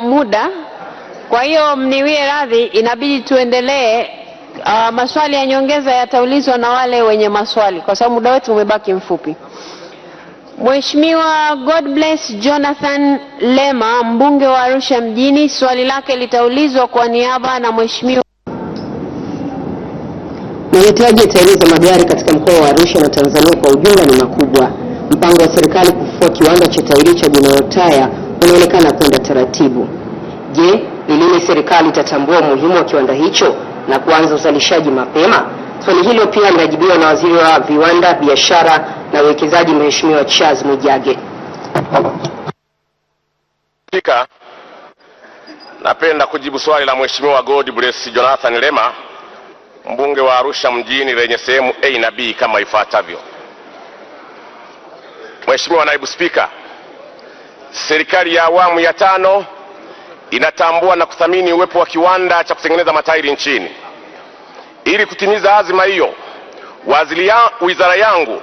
muda, kwa hiyo mniwie radhi, inabidi tuendelee. Uh, maswali ya nyongeza yataulizwa na wale wenye maswali kwa sababu muda wetu umebaki mfupi. Mheshimiwa bless Jonathan Lema, mbunge wa Arusha mjini, swali lake litaulizwa kwa niaba na Mheshimiwa. Mahitaji ya tairi za magari katika mkoa wa Arusha na Tanzania kwa ujumla ni makubwa. Mpango wa serikali kufufua kiwanda cha tairi cha General unaonekana kwenda taratibu. Je, ni lini serikali itatambua umuhimu wa kiwanda hicho na kuanza uzalishaji mapema? Swali hilo pia linajibiwa na waziri wa viwanda, biashara na uwekezaji, Mheshimiwa Charles Mwijage. Spika, napenda kujibu swali la Mheshimiwa God Bless Jonathan Lema, mbunge wa Arusha mjini lenye sehemu A na B kama ifuatavyo. Mheshimiwa naibu Spika, Serikali ya awamu ya tano inatambua na kuthamini uwepo wa kiwanda cha kutengeneza matairi nchini. Ili kutimiza azima hiyo, wizara yangu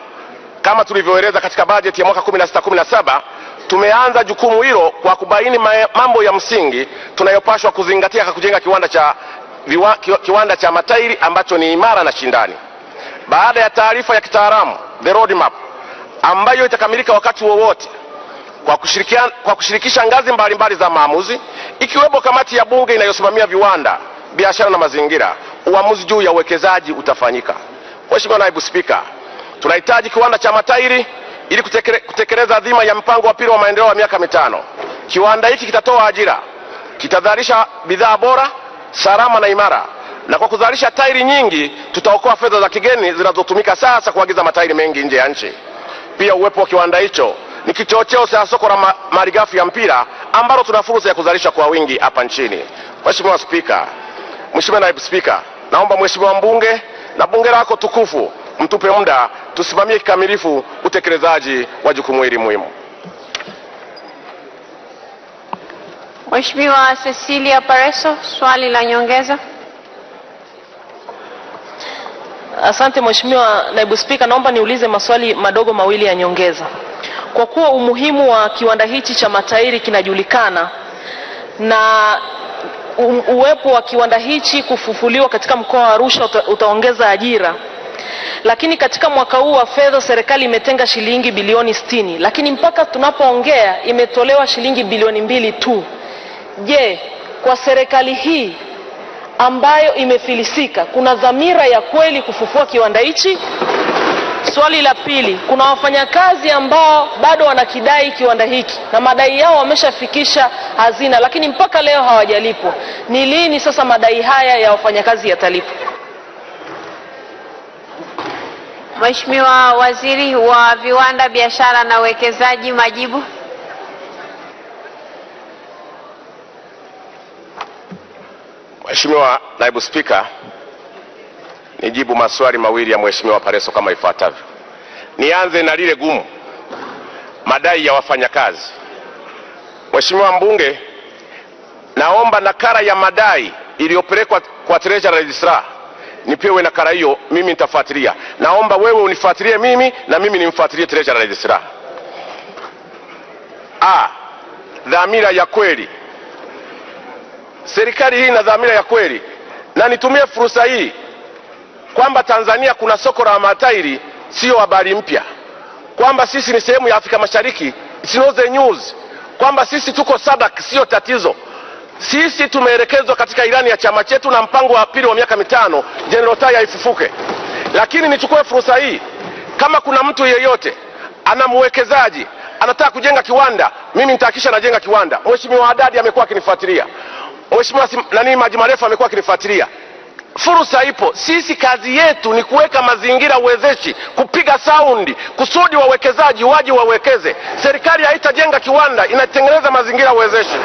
kama tulivyoeleza katika bajeti ya mwaka 16 17 tumeanza jukumu hilo kwa kubaini mambo ya msingi tunayopashwa kuzingatia kwa kujenga kiwanda cha, viwa, kiwanda cha matairi ambacho ni imara na shindani. Baada ya taarifa ya kitaalamu the roadmap ambayo itakamilika wakati wowote wa kwa, kwa kushirikisha ngazi mbalimbali mbali za maamuzi ikiwepo kamati ya bunge inayosimamia viwanda, biashara na mazingira. Uamuzi juu ya uwekezaji utafanyika. Mheshimiwa Naibu Spika, tunahitaji kiwanda cha matairi ili kutekeleza dhima ya mpango wa pili wa maendeleo wa miaka mitano. Kiwanda hiki kitatoa ajira, kitazalisha bidhaa bora, salama na imara, na kwa kuzalisha tairi nyingi tutaokoa fedha za kigeni zinazotumika sasa kuagiza matairi mengi nje ya nchi. Pia uwepo wa kiwanda hicho ni kichocheo cha soko la malighafi ya mpira ambalo tuna fursa ya kuzalisha kwa wingi hapa nchini. Mheshimiwa Spika, Mheshimiwa Naibu Spika, naomba Mheshimiwa mbunge na bunge lako tukufu mtupe muda tusimamie kikamilifu utekelezaji wa jukumu hili muhimu. Mheshimiwa Cecilia Pareso, swali la nyongeza. Asante Mheshimiwa Naibu Spika, naomba niulize maswali madogo mawili ya nyongeza. Kwa kuwa umuhimu wa kiwanda hichi cha matairi kinajulikana na uwepo wa kiwanda hichi kufufuliwa katika mkoa wa Arusha utaongeza ajira lakini katika mwaka huu wa fedha serikali imetenga shilingi bilioni sitini lakini mpaka tunapoongea imetolewa shilingi bilioni mbili tu. Je, kwa serikali hii ambayo imefilisika kuna dhamira ya kweli kufufua kiwanda hichi? Swali la pili, kuna wafanyakazi ambao bado wanakidai kiwanda hiki na madai yao wameshafikisha hazina, lakini mpaka leo hawajalipwa. Ni lini sasa madai haya ya wafanyakazi yatalipwa? Mheshimiwa Waziri wa Viwanda, Biashara na Uwekezaji, majibu. Mheshimiwa Naibu Spika, nijibu maswali mawili ya mheshimiwa Pareso kama ifuatavyo. Nianze na lile gumu, madai ya wafanyakazi. Mheshimiwa mbunge, naomba nakala ya madai iliyopelekwa kwa treasury registrar nipewe nakala hiyo, mimi nitafuatilia. Naomba wewe unifuatilie mimi na mimi nimfuatilie treasury registrar. A, dhamira ya kweli serikali hii ina dhamira ya kweli, na nitumie fursa hii kwamba Tanzania kuna soko la matairi siyo habari mpya. Kwamba sisi ni sehemu ya Afrika Mashariki it's not the news. Kwamba sisi tuko SADC siyo tatizo. Sisi tumeelekezwa katika ilani ya chama chetu na mpango wa pili wa miaka mitano General Taya ifufuke. Lakini nichukue fursa hii, kama kuna mtu yeyote ana mwekezaji anataka kujenga kiwanda, mimi nitahakisha anajenga kiwanda. Mheshimiwa Haddad amekuwa akinifuatilia, Mheshimiwa nani Maji Marefu amekuwa akinifuatilia. Fursa ipo. Sisi kazi yetu ni kuweka mazingira wezeshi, kupiga saundi kusudi wawekezaji waje wawekeze. Serikali haitajenga kiwanda, inatengeneza mazingira wezeshi.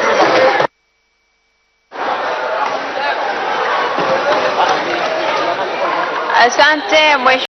Asante.